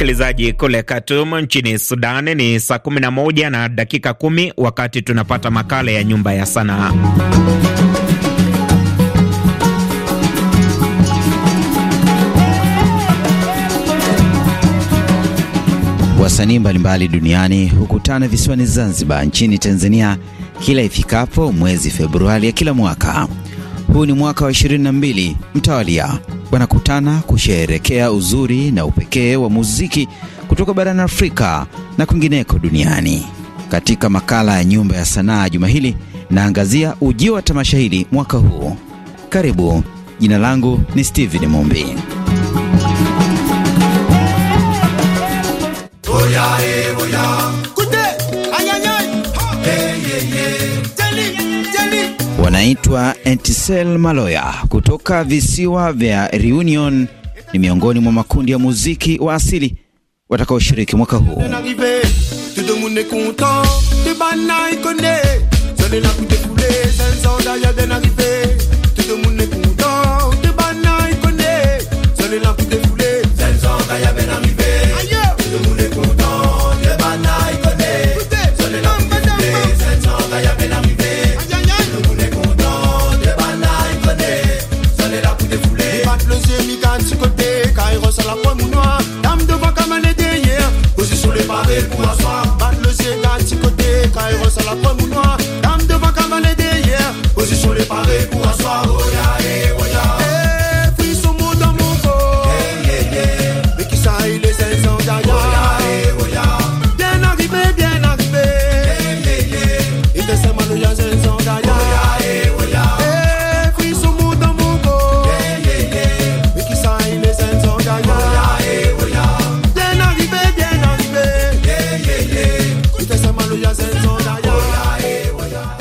Msikilizaji, kule Khartoum nchini Sudan ni saa 11 na dakika 10 wakati tunapata makala ya nyumba ya sanaa. Wasanii mbalimbali duniani hukutana visiwani Zanzibar nchini Tanzania kila ifikapo mwezi Februari ya kila mwaka. Huu ni mwaka wa 22 mtawalia, wanakutana kusherekea uzuri na upekee wa muziki kutoka barani Afrika na kwingineko duniani. Katika makala ya Nyumba ya Sanaa juma hili, naangazia ujio wa tamasha hili mwaka huu. Karibu. Jina langu ni Steven Mumbi. yeah, oh yeah. wanaitwa Entisel Maloya kutoka visiwa vya Reunion, ni miongoni mwa makundi ya muziki wa asili watakaoshiriki mwaka huu.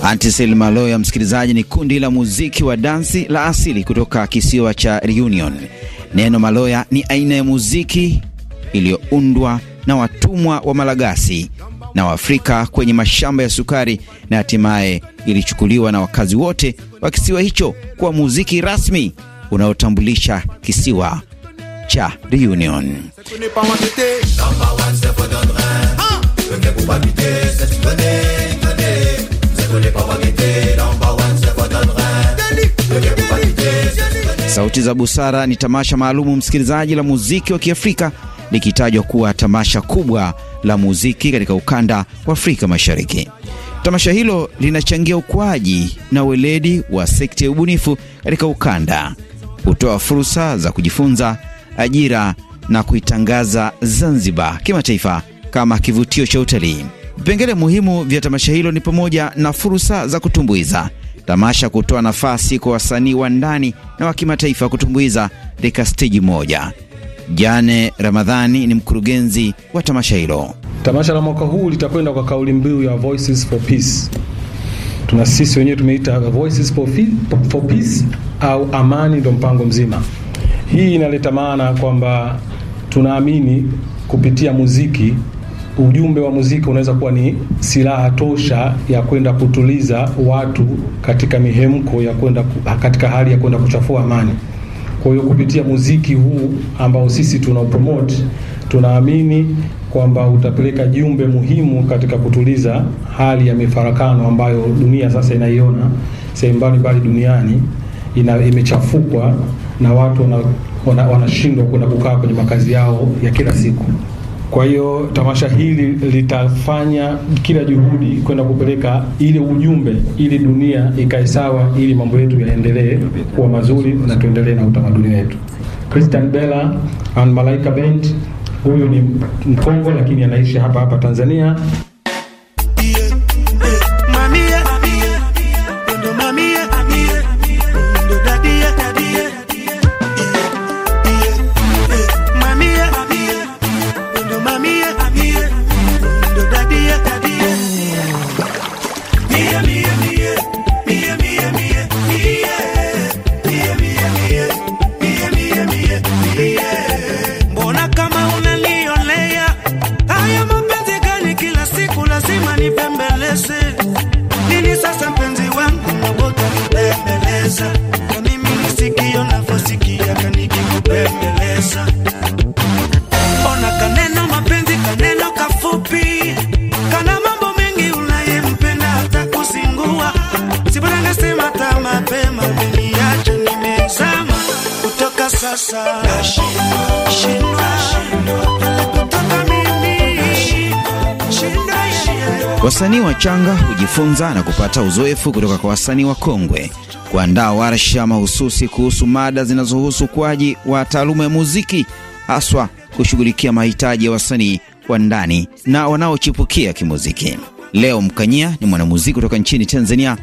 Antisil Maloya, msikilizaji, ni kundi la muziki wa dansi la asili kutoka kisiwa cha Reunion. Neno maloya ni aina ya muziki iliyoundwa na watumwa wa Malagasi na Waafrika kwenye mashamba ya sukari na hatimaye ilichukuliwa na wakazi wote wa kisiwa hicho kuwa muziki rasmi unaotambulisha kisiwa cha Reunion. Sauti za Busara ni tamasha maalumu, msikilizaji, la muziki wa Kiafrika likitajwa kuwa tamasha kubwa la muziki katika ukanda wa Afrika Mashariki. Tamasha hilo linachangia ukuaji na weledi wa sekta ya ubunifu katika ukanda, hutoa fursa za kujifunza, ajira na kuitangaza Zanzibar kimataifa kama kivutio cha utalii. Vipengele muhimu vya tamasha hilo ni pamoja na fursa za kutumbuiza, tamasha kutoa nafasi kwa wasanii wa ndani na wa kimataifa kutumbuiza katika steji moja. Jane Ramadhani ni mkurugenzi wa tamasha hilo. Tamasha la mwaka huu litakwenda kwa kauli mbiu ya Voices for Peace. Tuna sisi wenyewe tumeita Voices for, for Peace au amani ndo mpango mzima. Hii inaleta maana kwamba tunaamini kupitia muziki ujumbe wa muziki unaweza kuwa ni silaha tosha ya kwenda kutuliza watu katika mihemko ya kwenda katika hali ya kwenda kuchafua amani. Kwa hiyo kupitia muziki huu ambao sisi tunaupromote, tunaamini kwamba utapeleka jumbe muhimu katika kutuliza hali ya mifarakano ambayo dunia sasa inaiona sehemu mbalimbali duniani ina, imechafukwa na watu wanashindwa wana, wana kwenda kukaa kwenye makazi yao ya kila siku. Kwa hiyo tamasha hili litafanya kila juhudi kwenda kupeleka ile ujumbe, ili dunia ikae sawa, ili mambo yetu yaendelee kuwa mazuri na tuendelee na utamaduni wetu. Christian Bella and Malaika Band, huyu ni Mkongo lakini anaishi hapa hapa Tanzania. sasa wa changa hujifunza na kupata uzoefu kutoka kwa wasanii wa kongwe Kuandaa warsha mahususi kuhusu mada zinazohusu ukuaji wa taaluma ya muziki, haswa kushughulikia mahitaji ya wasanii wa ndani na wanaochipukia kimuziki. Leo Mkanyia ni mwanamuziki kutoka nchini Tanzania,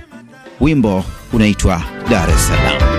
wimbo unaitwa Dar es Salaam.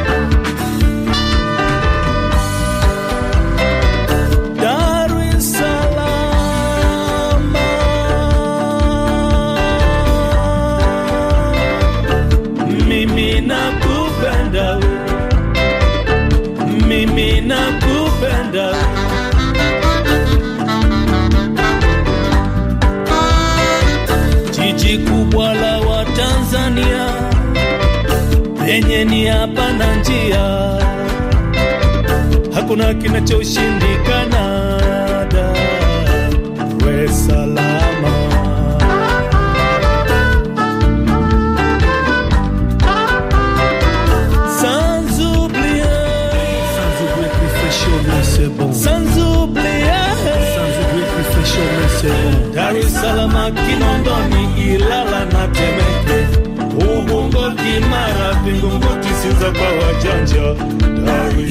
kuvutia, hakuna kinachoshindikana.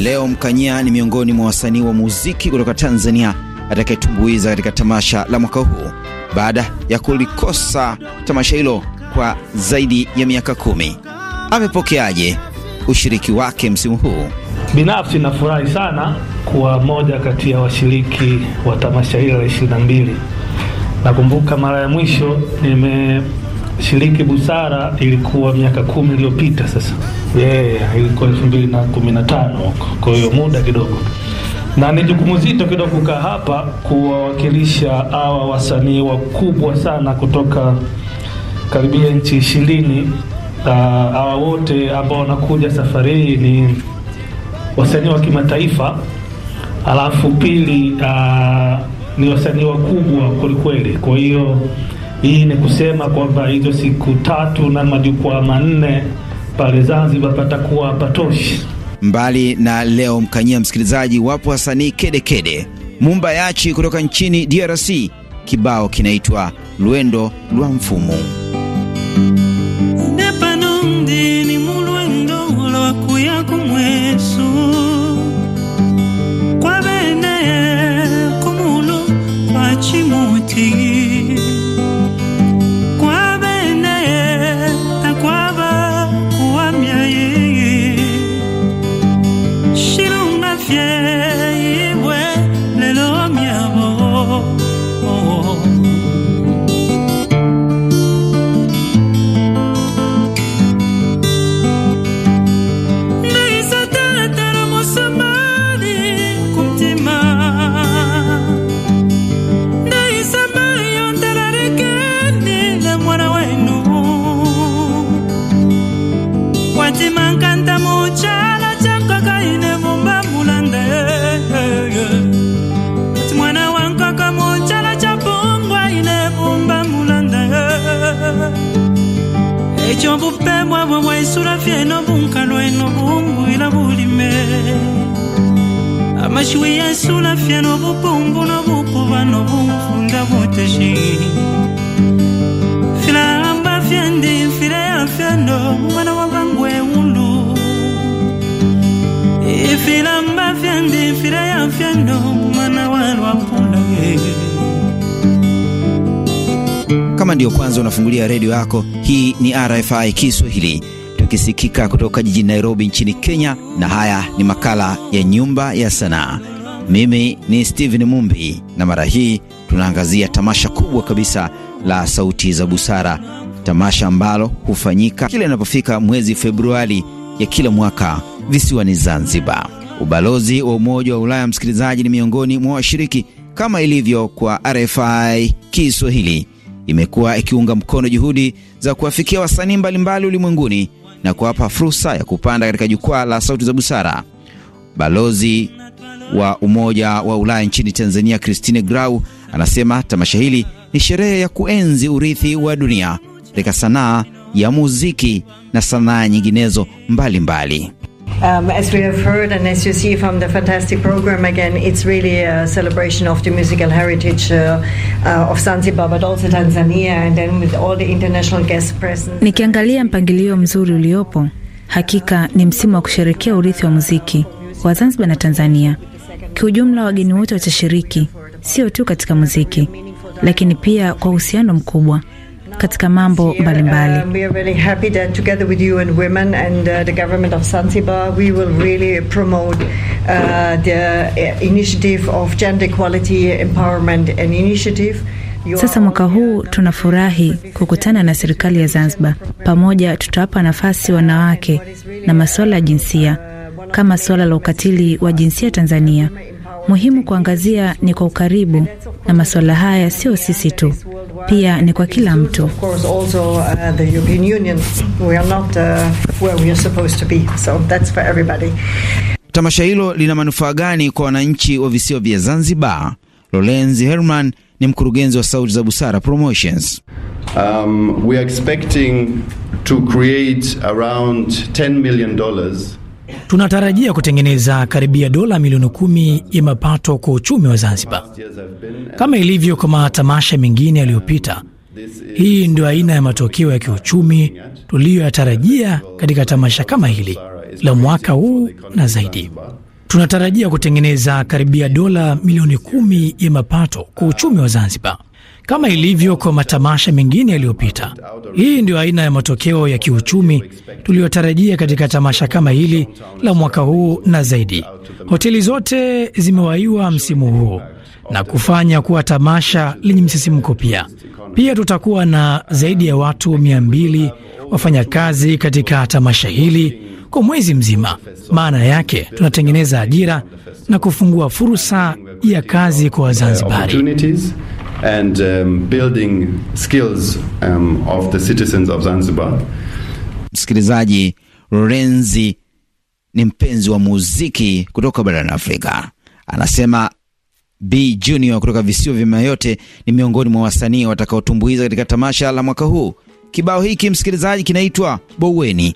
Leo mkanyia ni miongoni mwa wasanii wa muziki kutoka Tanzania atakayetumbuiza katika tamasha la mwaka huu baada ya kulikosa tamasha hilo kwa zaidi ya miaka kumi. Amepokeaje ushiriki wake msimu huu? Binafsi nafurahi sana kuwa moja kati ya washiriki wa tamasha hilo la ishirini na mbili. Nakumbuka mara ya mwisho nimeshiriki Busara ilikuwa miaka kumi iliyopita sasa yeah, ilikuwa elfu mbili na kumi na tano kwa hiyo muda kidogo, na ni jukumu zito kidogo kukaa hapa kuwawakilisha awa wasanii wakubwa sana kutoka karibia nchi ishirini. awa wote ambao wanakuja safari hii ni wasanii wa kimataifa, alafu pili aa, ah, ni wasanii wakubwa kwelikweli. Kwa hiyo hii ni kusema kwamba hizo siku tatu na majukwaa manne pale Zanzibar patakuwa patoshi. Mbali na leo Mkanyia, msikilizaji, wapo wasanii kedekede mumba yachi kutoka nchini DRC. Kibao kinaitwa Lwendo lwa mfumo się ekyo bubbe bwabwe bwaisula fyeno bunkano eno bumbwira bulime amashwi yensula fyeno bubumbu nobukuba nobunfunda buteshi filamba fyendi mfile ya fyeno mwana wabangwe wulu ifilamba fyendi mfile ya fyeno Kama ndiyo kwanza unafungulia redio yako, hii ni RFI Kiswahili tukisikika kutoka jijini Nairobi nchini Kenya, na haya ni makala ya Nyumba ya Sanaa. Mimi ni Steven Mumbi, na mara hii tunaangazia tamasha kubwa kabisa la Sauti za Busara, tamasha ambalo hufanyika kila inapofika mwezi Februari ya kila mwaka visiwani Zanzibar. Ubalozi wa Umoja wa Ulaya, msikilizaji, ni miongoni mwa washiriki, kama ilivyo kwa RFI Kiswahili imekuwa ikiunga mkono juhudi za kuwafikia wasanii mbalimbali ulimwenguni na kuwapa fursa ya kupanda katika jukwaa la Sauti za Busara. Balozi wa Umoja wa Ulaya nchini Tanzania, Christine Grau, anasema tamasha hili ni sherehe ya kuenzi urithi wa dunia katika sanaa ya muziki na sanaa nyinginezo mbalimbali mbali. Um, as we have heard, and as you see from the fantastic program again, it's really a celebration of the musical heritage uh, uh, of Zanzibar, but also Tanzania, and then with all the international guests present. Nikiangalia mpangilio mzuri uliopo, hakika ni msimu wa kusherekea urithi wa muziki wa Zanzibar na Tanzania. Kiujumla, wageni wote watashiriki, sio tu katika muziki, lakini pia kwa uhusiano mkubwa katika mambo mbalimbali. Sasa mwaka huu tunafurahi kukutana na serikali ya Zanzibar. Pamoja tutawapa nafasi wanawake na masuala ya jinsia kama suala la ukatili wa jinsia Tanzania. Muhimu kuangazia ni kwa ukaribu, na masuala haya sio sisi tu, pia ni kwa kila mtu. Uh, uh, Tamasha hilo lina manufaa gani kwa wananchi wa visiwa vya Zanzibar? Lorenzi Herman ni mkurugenzi wa Sauti za Busara Promotions. Um, we are expecting to create around 10 million dollars Tunatarajia kutengeneza karibia dola milioni kumi ya mapato kwa uchumi wa Zanzibar. Kama ilivyo kwa matamasha mengine yaliyopita, hii ndio aina ya matokeo ya kiuchumi tuliyoyatarajia katika tamasha kama hili la mwaka huu na zaidi. Tunatarajia kutengeneza karibia dola milioni kumi ya mapato kwa uchumi wa Zanzibar kama ilivyo kwa matamasha mengine yaliyopita. Hii ndio aina ya matokeo ya kiuchumi tuliyotarajia katika tamasha kama hili la mwaka huu na zaidi. Hoteli zote zimewaiwa msimu huu na kufanya kuwa tamasha lenye msisimko pia. Pia tutakuwa na zaidi ya watu mia mbili kazi katika tamasha hili kwa mwezi mzima. Maana yake tunatengeneza ajira na kufungua fursa ya kazi kwa Wazanzibari and um, building skills um, of the citizens of Zanzibar. Msikilizaji, Lorenzi ni mpenzi wa muziki kutoka barani Afrika. Anasema B Junior kutoka visiwa vya Mayotte ni miongoni mwa wasanii watakaotumbuiza katika tamasha la mwaka huu. Kibao hiki msikilizaji, kinaitwa Boweni.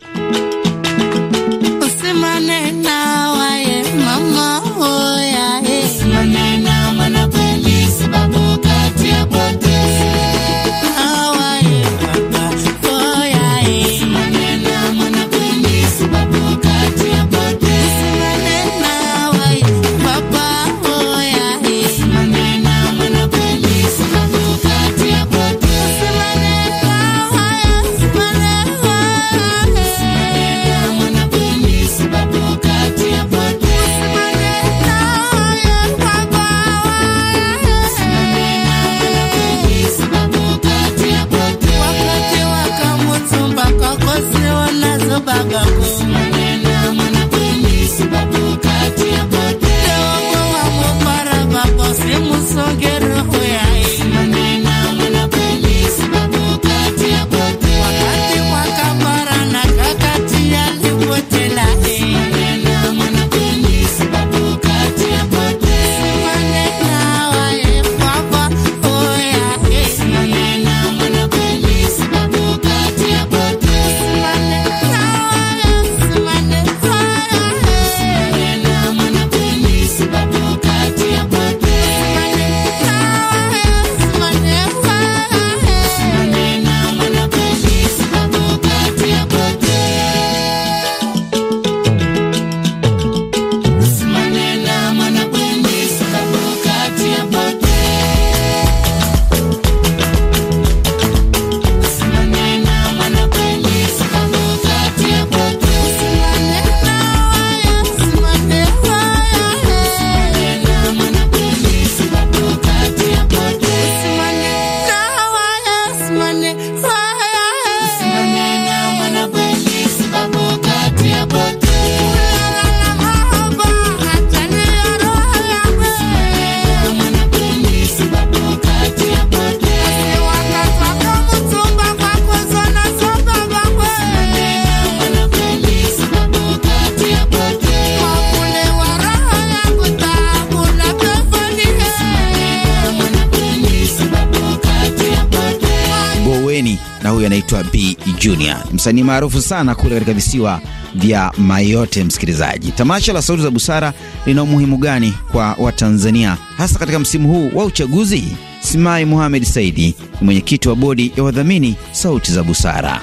na huyu anaitwa B Junior, msanii maarufu sana kule katika visiwa vya Mayotte. Msikilizaji, tamasha la Sauti za Busara lina umuhimu gani kwa Watanzania hasa katika msimu huu wa uchaguzi? Simai muhamed Saidi ni mwenyekiti wa bodi ya wadhamini Sauti za Busara.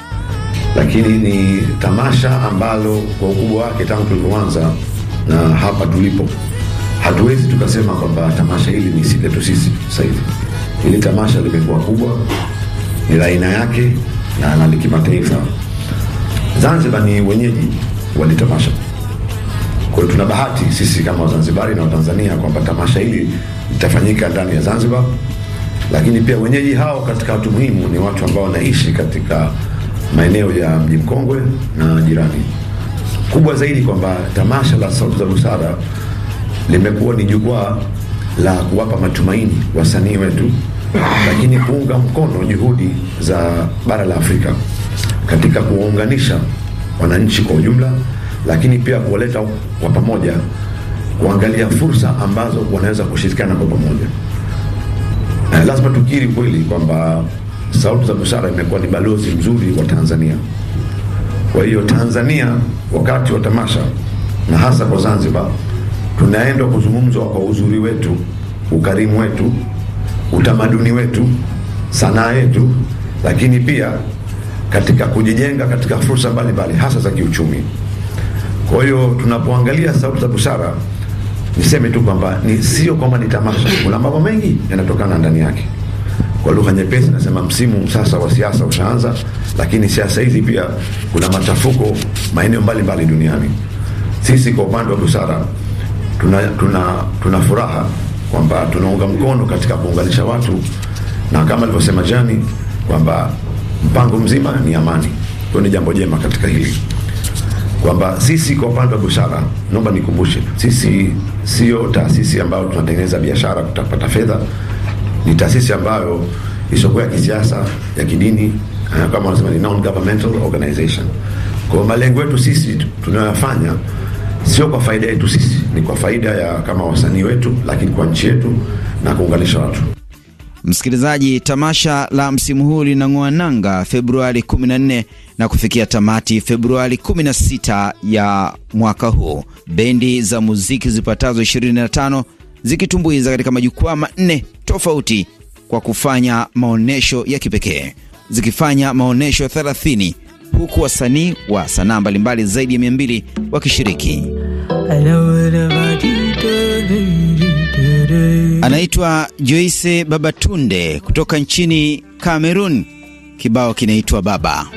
Lakini ni tamasha ambalo kwa ukubwa wake tangu tulivyoanza na hapa tulipo, hatuwezi tukasema kwamba tamasha hili ni sisi tu sisi. Sasa hivi hili tamasha limekuwa kubwa ni la aina yake na la kimataifa. Zanzibar ni wenyeji wa tamasha, kwa hiyo tuna bahati sisi kama Wazanzibari na Watanzania kwamba tamasha hili litafanyika ndani ya Zanzibar, lakini pia wenyeji hao katika watu muhimu ni watu ambao wanaishi katika maeneo ya Mji Mkongwe na jirani. Kubwa zaidi kwamba tamasha la Sauti za Busara limekuwa ni jukwaa la kuwapa matumaini wasanii wetu lakini kuunga mkono juhudi za bara la Afrika katika kuwaunganisha wananchi kwa ujumla, lakini pia kuwaleta kwa pamoja, kuangalia fursa ambazo wanaweza kushirikiana kwa pamoja. Eh, lazima tukiri kweli kwamba Sauti za Busara imekuwa ni balozi mzuri wa Tanzania. Kwa hiyo Tanzania, wakati wa tamasha na hasa kwa Zanzibar, tunaenda kuzungumzwa kwa uzuri wetu, ukarimu wetu utamaduni wetu, sanaa yetu, lakini pia katika kujijenga katika fursa mbalimbali hasa za kiuchumi. Kwa hiyo tunapoangalia Sauti za Busara, niseme tu kwamba ni sio kwamba ni tamasha, kuna mambo mengi yanatokana ndani yake. Kwa lugha nyepesi nasema msimu sasa wa siasa ushaanza, lakini siasa hizi pia kuna machafuko maeneo mbalimbali duniani. Sisi kwa upande wa Busara tuna, tuna, tuna furaha kwamba tunaunga mkono katika kuunganisha watu, na kama alivyosema Jani kwamba mpango mzima ni amani. Hiyo ni jambo jema katika hili kwamba sisi kwa upande wa biashara, naomba nikumbushe, sisi sio taasisi ambayo tunatengeneza biashara kutapata fedha. Ni taasisi ambayo isiokuwa ya kisiasa, ya kidini, eh, kama wanasema ni non governmental organization. Kwa malengo yetu sisi tunayoyafanya sio kwa faida yetu sisi, ni kwa faida ya kama wasanii wetu, lakini kwa nchi yetu na kuunganisha watu. Msikilizaji, tamasha la msimu huu linang'oa nanga Februari 14 na kufikia tamati Februari 16 ya mwaka huu, bendi za muziki zipatazo 25 zikitumbuiza katika majukwaa manne tofauti kwa kufanya maonyesho ya kipekee, zikifanya maonyesho huku wasanii wa, sanaa mbalimbali zaidi ya mia mbili wakishiriki. Anaitwa Joyce Babatunde kutoka nchini Cameroon. Kibao kinaitwa Baba.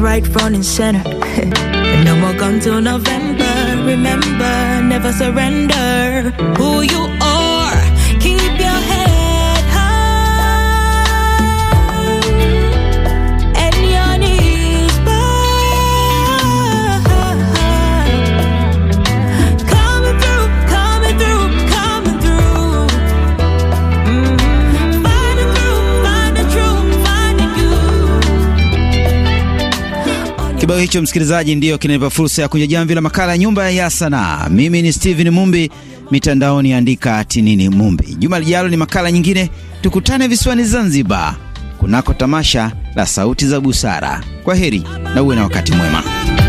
right front and center. no more gun till November. Remember, never surrender who you are. Kitoweo hicho msikilizaji, ndiyo kinanipa fursa ya kunja jamvi la makala ya Nyumba ya Sanaa. Mimi ni Steven Mumbi, mitandaoni andika tinini Mumbi. Juma lijalo ni makala nyingine, tukutane visiwani Zanzibar kunako tamasha la Sauti za Busara. Kwa heri na uwe na wakati mwema.